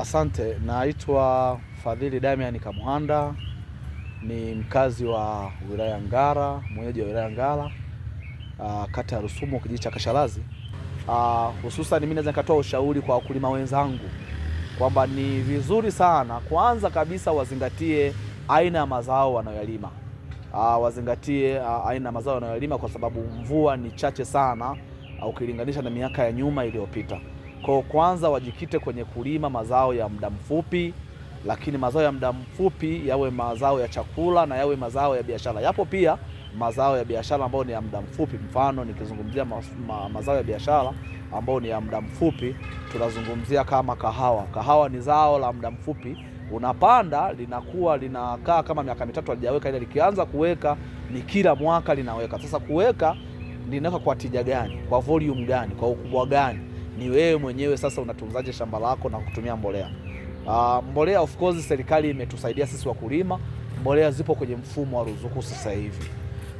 Asante, naitwa Fadhili Damian Kamuhanda, ni mkazi wa wilaya Ngara, mwenyeji wa wilaya Ngara, kata ya Rusumo, kijiji cha Kashalazi. Hususan mimi naweza nikatoa ushauri kwa wakulima wenzangu kwamba ni vizuri sana, kwanza kabisa wazingatie aina ya mazao wanayoyalima. Wazingatie aina ya mazao wanayolima kwa sababu mvua ni chache sana ukilinganisha na miaka ya nyuma iliyopita. Kwa kwanza wajikite kwenye kulima mazao ya muda mfupi, lakini mazao ya muda mfupi yawe mazao ya chakula na yawe mazao ya biashara. Yapo pia mazao ya biashara ambayo ni ya muda mfupi. Mfano, nikizungumzia ma, ma, mazao ya biashara ambayo ni ya muda mfupi, tunazungumzia kama kahawa. Kahawa ni zao la muda mfupi, unapanda linakuwa linakaa kama miaka mitatu halijaweka, ile likianza kuweka ni kila mwaka linaweka. Sasa kuweka linaweka kwa tija gani? Kwa volume gani? Kwa ukubwa gani? ni wewe mwenyewe sasa unatunzaje shamba lako na kutumia mbolea. Uh, mbolea of course serikali imetusaidia sisi wakulima, mbolea zipo kwenye mfumo wa ruzuku sasa hivi.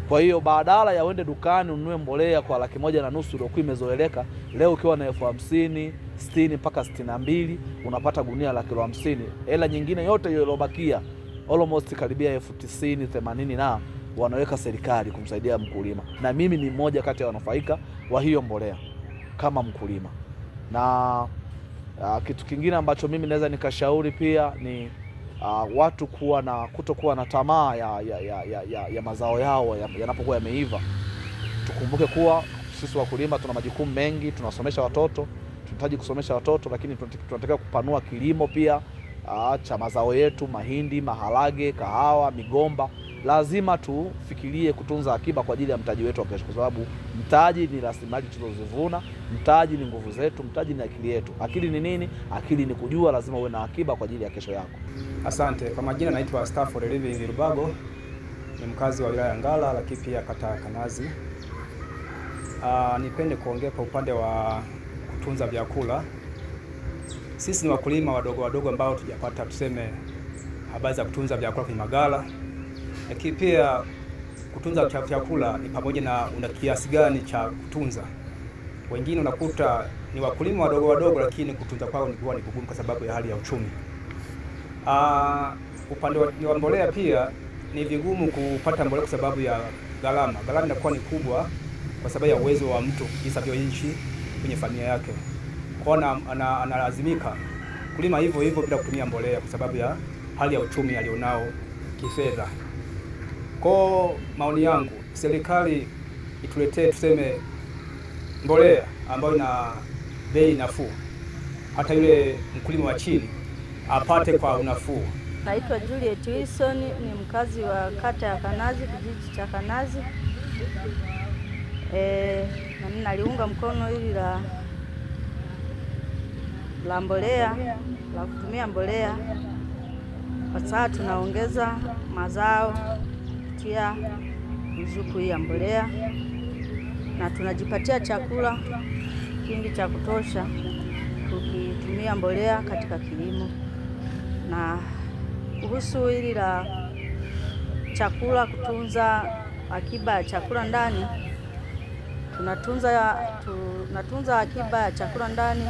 Kwa hiyo badala ya uende dukani ununue mbolea kwa laki moja na nusu iliyokuwa imezoeleka, leo ukiwa na elfu hamsini sitini mpaka sitini na mbili unapata gunia la kilo hamsini. Hela nyingine yote hiyo iliyobakia almost karibia elfu tisini themanini na wanaweka serikali kumsaidia mkulima, na mimi ni mmoja kati ya wanufaika wa hiyo mbolea kama mkulima na uh, kitu kingine ambacho mimi naweza nikashauri pia ni uh, watu kuwa na kutokuwa na tamaa ya, ya, ya, ya, ya, ya mazao yao yanapokuwa ya yameiva. Tukumbuke kuwa sisi wakulima tuna majukumu mengi, tunasomesha watoto, tunahitaji kusomesha watoto, lakini tunatakiwa kupanua kilimo pia cha mazao yetu, mahindi, maharage, kahawa, migomba, lazima tufikirie kutunza akiba kwa ajili ya mtaji wetu wa kesho, kwa sababu mtaji ni rasilimali tulizozivuna. Mtaji ni nguvu zetu, mtaji ni akili yetu. Akili ni nini? Akili ni kujua, lazima uwe na akiba kwa ajili ya kesho yako. Asante. Kwa majina naitwa Stafford Living Rubago, ni mkazi wa wilaya ngala lakini pia kata ya Kanazi. Nipende kuongea kwa upande wa kutunza vyakula sisi ni wakulima wadogo wadogo ambao tujapata tuseme habari za kutunza vyakula kwenye magala, lakini pia kutunza chakula ni pamoja na una kiasi gani cha kutunza. Wengine unakuta ni wakulima wadogo wadogo, lakini kutunza kwao ni kugumu kwa sababu ya hali ya uchumi. Uh, upande wa mbolea pia ni vigumu kupata mbolea kwa sababu ya gharama. Gharama inakuwa ni kubwa kwa sababu ya uwezo wa mtu jinsi anavyoishi kwenye familia yake kwao analazimika kulima hivyo hivyo bila kutumia mbolea kwa sababu ya hali ya uchumi alionao kifedha. Kwa maoni yangu, serikali ituletee tuseme mbolea ambayo ina bei nafuu, hata yule mkulima wa chini apate kwa unafuu. Naitwa Juliet Wilson, ni mkazi wa kata ya Kanazi, kijiji cha Kanazi. E, na mimi naliunga mkono hili la la mbolea la kutumia mbolea, kwa sasa tunaongeza mazao kupitia ruzuku hii ya mbolea, na tunajipatia chakula kingi cha kutosha tukitumia mbolea katika kilimo. Na kuhusu hili la chakula, kutunza akiba ya chakula ndani, tunatunza tunatunza akiba ya chakula ndani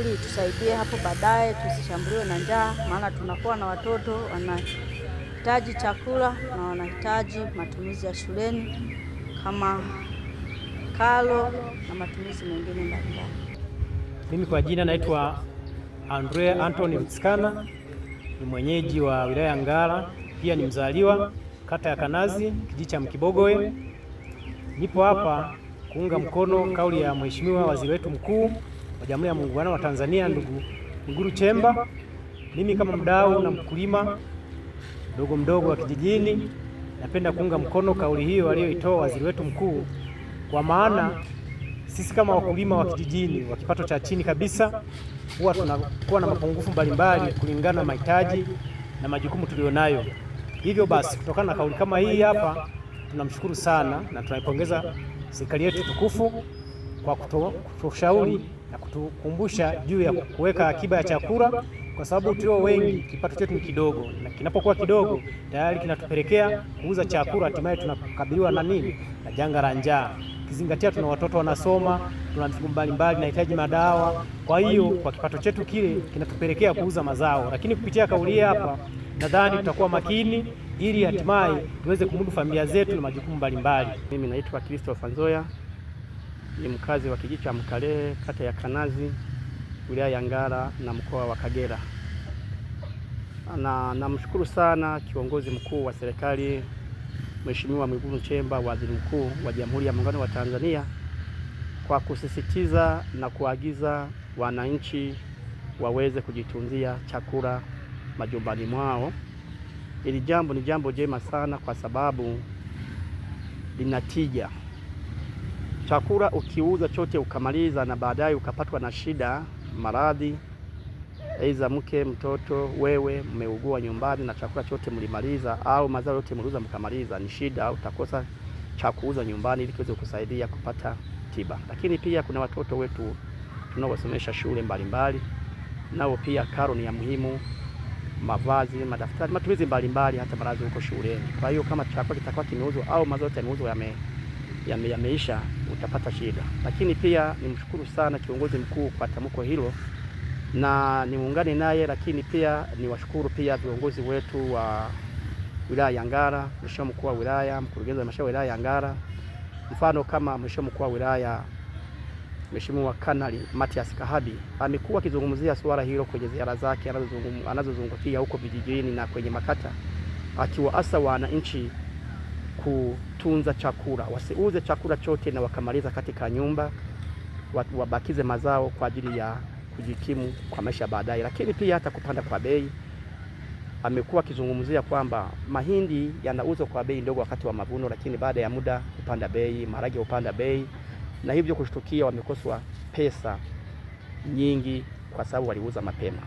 ili tusaidie hapo baadaye tusishambuliwe na njaa, maana tunakuwa na watoto wanahitaji chakula na wanahitaji matumizi ya shuleni kama karo na matumizi mengine mbalimbali. Mimi kwa jina naitwa Andrea Anthony Mtsikana, ni mwenyeji wa wilaya ya Ngara, pia ni mzaliwa kata ya Kanazi, kijiji cha Mkibogoe. Nipo hapa kuunga mkono kauli ya Mheshimiwa Waziri wetu mkuu wa Jamhuri ya Muungano wa Tanzania, ndugu Mwigulu chemba Mimi kama mdau na mkulima mdogo mdogo wa kijijini, napenda kuunga mkono kauli hiyo aliyoitoa waziri wetu mkuu, kwa maana sisi kama wakulima wa kijijini wa kipato cha chini kabisa huwa tunakuwa na mapungufu mbalimbali kulingana na mahitaji na majukumu tuliyonayo. Hivyo basi, kutokana na kauli kama hii hapa, tunamshukuru sana na tunaipongeza serikali yetu tukufu kwa kutushauri na kutukumbusha juu ya kuweka akiba ya chakula, kwa sababu tulio wengi kipato chetu ni kidogo, na kinapokuwa kidogo tayari kinatupelekea kuuza chakula, hatimaye tunakabiliwa na nini? Na janga la njaa, kizingatia tuna watoto wanasoma, tuna mifugo mbalimbali, inahitaji madawa. Kwa hiyo kwa kipato chetu kile kinatupelekea kuuza mazao, lakini kupitia kauli hapa nadhani tutakuwa makini ili hatimaye tuweze kumudu familia zetu na majukumu mbalimbali. Mimi naitwa Christopher Nzoya ni mkazi wa kijiji cha Mkalehe, kata ya Kanazi, wilaya ya Ngara na mkoa wa Kagera. Na namshukuru sana kiongozi mkuu wa serikali Mheshimiwa Mwigulu Nchemba, waziri mkuu wa Jamhuri ya Muungano wa Tanzania, kwa kusisitiza na kuagiza wananchi waweze kujitunzia chakula majumbani mwao. Hili jambo ni jambo jema sana, kwa sababu lina tija. Chakula ukiuza chote ukamaliza na baadaye ukapatwa na shida, maradhi, aidha mke, mtoto, wewe mmeugua nyumbani na chakula chote mlimaliza, au mazao yote mliuza mkamaliza, ni shida au utakosa cha kuuza nyumbani ili kiweze kukusaidia kupata tiba. Lakini pia kuna watoto wetu tunaowasomesha shule mbalimbali, nao pia karo ni ya muhimu, mavazi, madaftari, matumizi mbalimbali, hata malazi huko shuleni. Kwa hiyo kama chakula kitakuwa kimeuzwa au mazao yote yameuzwa yame yame, yameisha utapata shida. Lakini pia nimshukuru sana kiongozi mkuu kwa tamko hilo na niungane naye, lakini pia niwashukuru pia viongozi wetu wa wilaya ya Ngara, mheshimiwa mkuu wa wilaya, mkurugenzi wa halmashauri wilaya ya Ngara, mfano kama mheshimiwa mkuu wa wilaya Mheshimiwa Kanali Matias Kahadi amekuwa akizungumzia suala hilo kwenye ziara zake anazozungukia huko vijijini na kwenye makata, akiwaasa wananchi kutunza chakula, wasiuze chakula chote na wakamaliza katika nyumba, wabakize mazao kwa ajili ya kujikimu kwa maisha baadaye. Lakini pia hata kupanda kwa bei, amekuwa akizungumzia kwamba mahindi yanauzwa kwa bei ndogo wakati wa mavuno, lakini baada ya muda kupanda bei, maharage hupanda bei, na hivyo kushtukia wamekoswa pesa nyingi kwa sababu waliuza mapema.